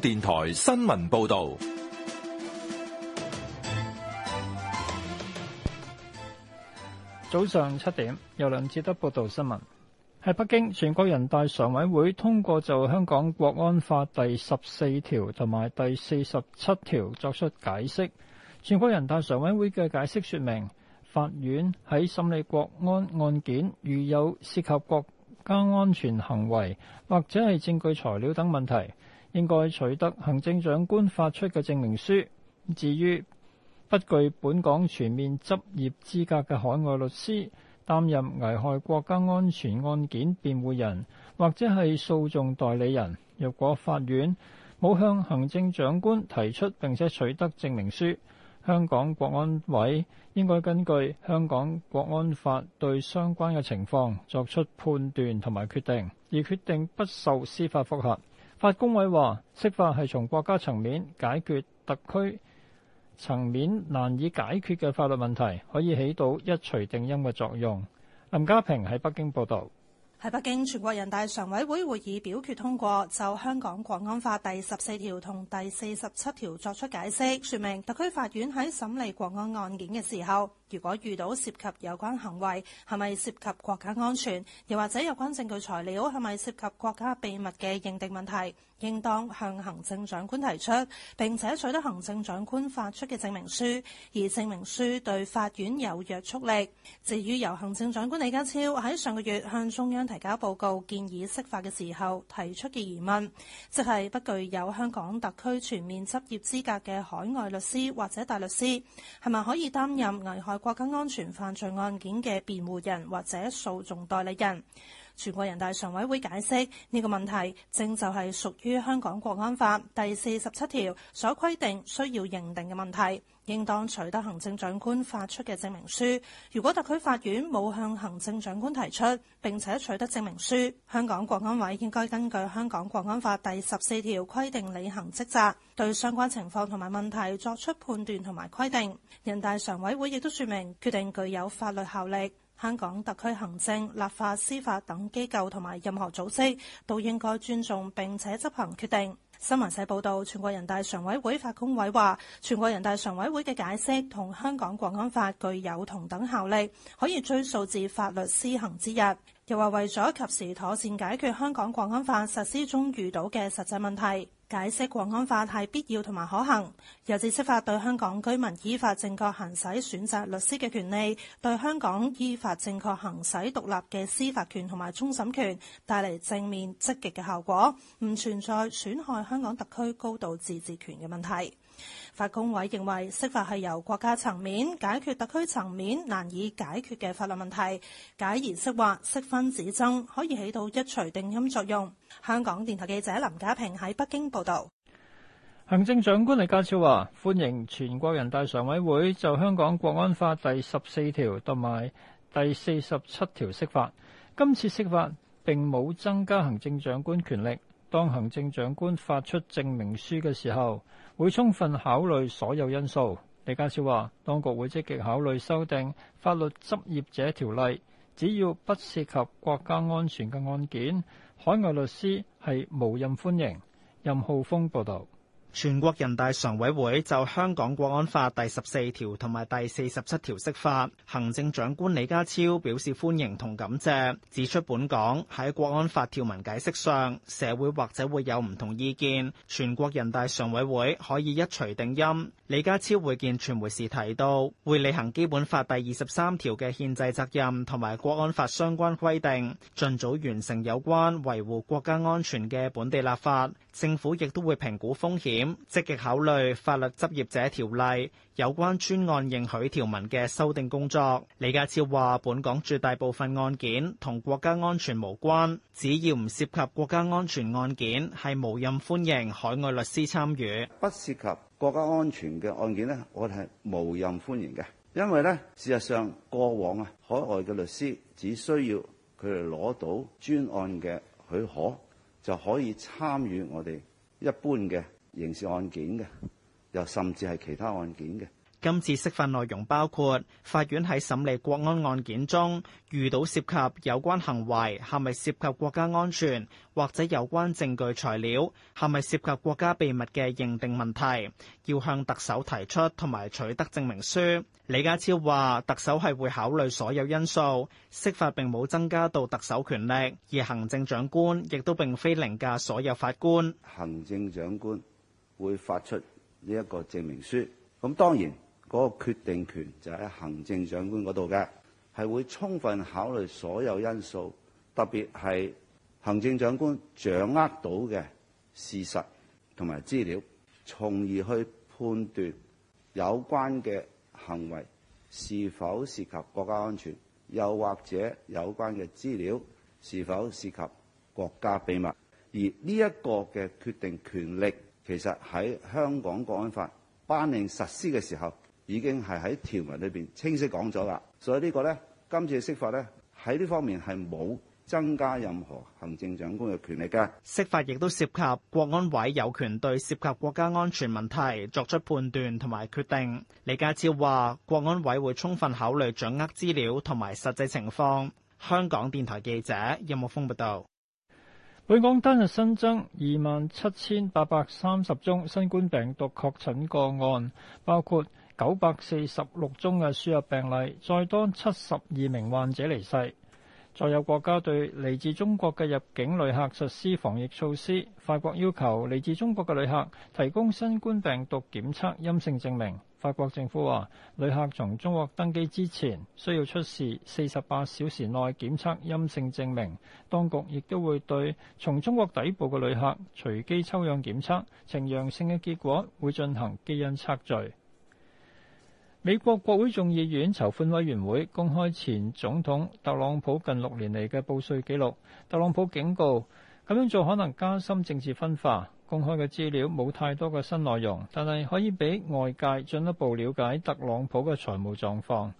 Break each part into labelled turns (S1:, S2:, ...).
S1: 電台新聞報道，早上七點有梁志德報道新聞。喺北京，全國人大常委會通過就香港國安法第十四條同埋第四十七條作出解釋。全國人大常委會嘅解釋說明，法院喺審理國安案件如有涉及國家安全行為或者係證據材料等問題。應該取得行政長官發出嘅證明書。至於不具本港全面執業資格嘅海外律師擔任危害國家安全案件辯護人，或者係訴訟代理人，若果法院冇向行政長官提出並且取得證明書，香港國安委應該根據香港國安法對相關嘅情況作出判斷同埋決定，而決定不受司法覆核。法工委話，釋法係從國家層面解決特區層面難以解決嘅法律問題，可以起到一錘定音嘅作用。林家平喺北京報導。
S2: 喺北京全國人大常委會會議表決通過，就香港《國安法》第十四條同第四十七條作出解釋，說明特區法院喺審理國安案件嘅時候，如果遇到涉及有關行為，係咪涉及國家安全，又或者有關證據材料，係咪涉及國家秘密嘅認定問題，應當向行政長官提出，並且取得行政長官發出嘅證明書，而證明書對法院有約束力。至於由行政長官李家超喺上個月向中央提交報告建議釋法嘅時候提出嘅疑問，即係不具有香港特區全面執業資格嘅海外律師或者大律師，係咪可以擔任危害國家安全犯罪案件嘅辯護人或者訴訟代理人，全國人大常委會解釋呢個問題，正就係屬於香港國安法第四十七條所規定需要認定嘅問題。應當取得行政長官發出嘅證明書。如果特區法院冇向行政長官提出，並且取得證明書，香港國安委應該根據香港國安法第十四條規定履行職責，對相關情況同埋問題作出判斷同埋規定。人大常委會亦都説明，決定具有法律效力。香港特區行政、立法、司法等機構同埋任何組織都應該尊重並且執行決定。新聞社報導，全國人大常委會法工委話，全國人大常委會嘅解釋同香港《國安法》具有同等效力，可以追溯至法律施行之日。又話為咗及時妥善解決香港《國安法》實施中遇到嘅實際問題。解釋《國安法》係必要同埋可行，由至釋法對香港居民依法正確行使選擇律師嘅權利，對香港依法正確行使獨立嘅司法權同埋終審權帶嚟正面積極嘅效果，唔存在損害香港特區高度自治權嘅問題。法工委認為釋法係由國家層面解決特區層面難以解決嘅法律問題，解疑釋惑、釋分止爭，可以起到一錘定音作用。香港電台記者林家平喺北京報道。
S1: 行政長官李家超話：歡迎全國人大常委會就香港國安法第十四條同埋第四十七條釋法。今次釋法並冇增加行政長官權力。當行政長官發出證明書嘅時候，會充分考慮所有因素。李家超話，當局會積極考慮修訂法律執業者條例，只要不涉及國家安全嘅案件，海外律師係無任歡迎。任浩峰報道。
S3: 全國人大常委會就香港國安法第十四條同埋第四十七條釋法，行政長官李家超表示歡迎同感謝，指出本港喺國安法條文解釋上，社會或者會有唔同意見，全國人大常委會可以一錘定音。李家超會見傳媒時提到，會履行基本法第二十三條嘅憲制責任同埋國安法相關規定，盡早完成有關維護國家安全嘅本地立法。政府亦都會評估風險，積極考慮法律執業者條例有關專案認許條文嘅修訂工作。李家超話：本港絕大部分案件同國家安全無關，只要唔涉及國家安全案件，係無任歡迎海外律師
S4: 參與。不涉及國家安全嘅案件呢，我哋係無任歡迎嘅，因為呢，事實上過往啊，海外嘅律師只需要佢哋攞到專案嘅許可。就可以參與我哋一般嘅刑事案件嘅，又甚至係其他案件嘅。
S3: 今次釋法內容包括法院喺審理國安案件中遇到涉及有關行為係咪涉及國家安全，或者有關證據材料係咪涉及國家秘密嘅認定問題，要向特首提出同埋取得證明書。李家超話，特首係會考慮所有因素，釋法並冇增加到特首權力，而行政
S4: 長官亦都並非凌駕所有法官。行政長官會發出呢一個證明書，咁當然。嗰個決定權就喺行政長官嗰度嘅，係會充分考慮所有因素，特別係行政長官掌握到嘅事實同埋資料，從而去判斷有關嘅行為是否涉及國家安全，又或者有關嘅資料是否涉及國家秘密。而呢一個嘅決定權力，其實喺香港國安法頒令實施嘅時候。已經係喺條文裏邊清晰講咗啦，所以呢個呢，今次嘅釋法呢，喺呢方面係冇增加任何行政長官嘅權力嘅。
S3: 釋法亦都涉及國安委有權對涉及國家安全問題作出判斷同埋決定。李家超話：國安委會充分考慮掌握資料同埋實際情況。香港電台記者任木
S1: 峯報道。本港單日新增二萬七千八百三十宗新冠病毒確診個案，包括九百四十六宗嘅輸入病例，再多七十二名患者離世。再有國家對嚟自中國嘅入境旅客實施防疫措施，法國要求嚟自中國嘅旅客提供新冠病毒檢測陰性證明。法國政府話，旅客從中國登機之前需要出示四十八小時內檢測陰性證明。當局亦都會對從中國抵埗嘅旅客隨機抽樣檢測，呈陽性嘅結果會進行基因測序。美國國會眾議院籌款委員會公開前總統特朗普近六年嚟嘅報稅記錄。特朗普警告，咁樣做可能加深政治分化。公開嘅資料冇太多嘅新內容，但係可以俾外界進一步了解特朗普嘅財務狀況。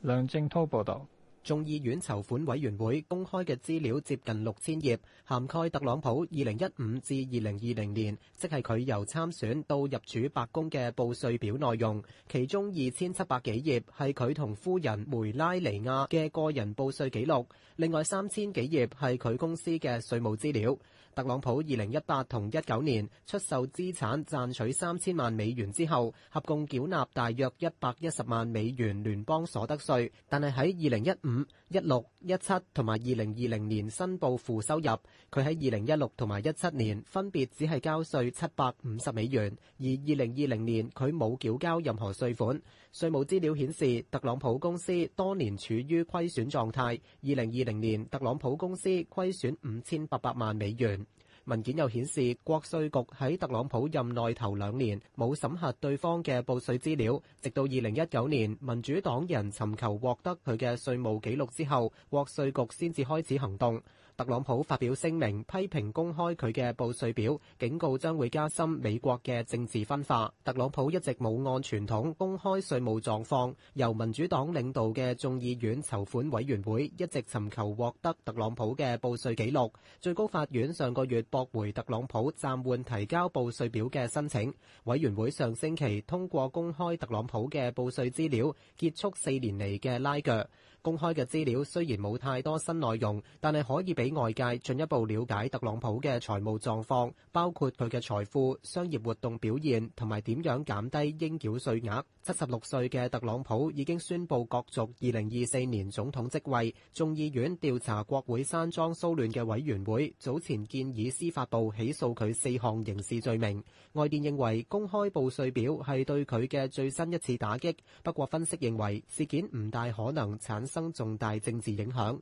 S1: 梁正滔報導，眾議院籌款委員會公開嘅資料接
S5: 近六千頁，涵蓋特朗普二零一五至二零二零年，即係佢由參選到入主白宮嘅報稅表內容。其中二千七百幾頁係佢同夫人梅拉尼亞嘅個人報稅記錄，另外三千幾頁係佢公司嘅稅務資料。特朗普二零一八同一九年出售資產賺取三千萬美元之後，合共繳納大約一百一十萬美元聯邦所得稅。但係喺二零一五、一六、一七同埋二零二零年申報負收入，佢喺二零一六同埋一七年分別只係交稅七百五十美元，而二零二零年佢冇繳交任何稅款。稅務資料顯示，特朗普公司多年處於虧損狀態，二零二零年特朗普公司虧損五千八百萬美元。文件又顯示，國稅局喺特朗普任內頭兩年冇審核對方嘅報稅資料，直到二零一九年民主黨人尋求獲得佢嘅稅務紀錄之後，國稅局先至開始行動。特朗普發表聲明批評公開佢嘅報稅表，警告將會加深美國嘅政治分化。特朗普一直冇按傳統公開稅務狀況，由民主黨領導嘅眾議院籌款委員會一直尋求獲得特朗普嘅報稅記錄，最高法院上個月駁回特朗普暫緩提交報稅表嘅申請，委員會上星期通過公開特朗普嘅報稅資料，結束四年嚟嘅拉鋸。公開嘅資料雖然冇太多新內容，但係可以俾外界進一步了解特朗普嘅財務狀況，包括佢嘅財富、商業活動表現同埋點樣減低應繳稅額。七十六歲嘅特朗普已經宣佈角逐二零二四年總統職位。眾議院調查國會山莊騷亂嘅委員會早前建議司法部起訴佢四項刑事罪名。外電認為公開報稅表係對佢嘅最新一次打擊。不過分析認為事件唔大可能產生。重大政治影響。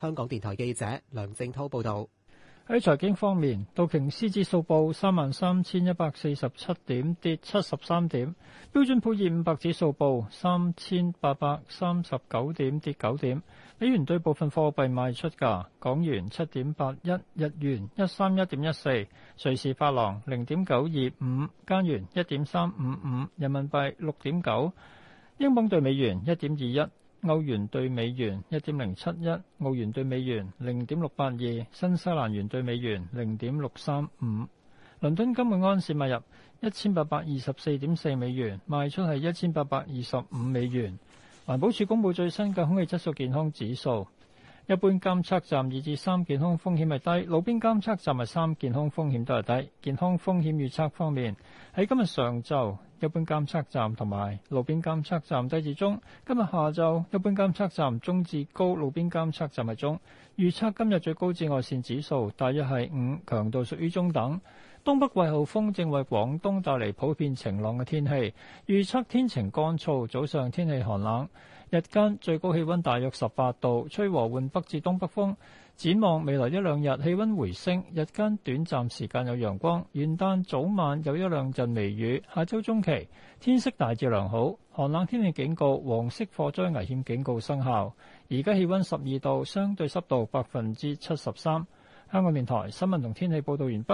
S5: 香港電台記者梁正
S1: 濤報道。喺財經方面，道瓊斯指數報三萬三千一百四十七點，跌七十三點。標準普爾五百指數報三千八百三十九點，跌九點。美元兌部分貨幣賣出價：港元七點八一，日元一三一點一四，瑞士法郎零點九二五，加元一點三五五，人民幣六點九，英鎊兌美元一點二一。歐元對美元一點零七一，澳元對美元零點六八二，新西蘭元對美元零點六三五。倫敦金每安士買入一千八百二十四點四美元，賣出係一千八百二十五美元。環保署公布最新嘅空氣質素健康指數，一般監測站二至三健康風險係低，路邊監測站係三健康風險都係低。健康風險預測方面，喺今日上晝，一般監測站同埋路邊監測站低至中，今日下晝一般監測站中至高，路邊監測站係中。預測今日最高紫外線指數大約係五，強度屬於中等。東北季候風正為廣東帶嚟普遍晴朗嘅天氣，預測天晴乾燥，早上天氣寒冷。日間最高氣温大約十八度，吹和緩北至東北風。展望未來一兩日氣温回升，日間短暫時間有陽光。元旦早晚有一兩陣微雨。下周中期天色大致良好。寒冷天氣警告、黃色火災危險警告生效。而家氣温十二度，相對濕度百分之七十三。香港電台新聞同天氣報導完畢。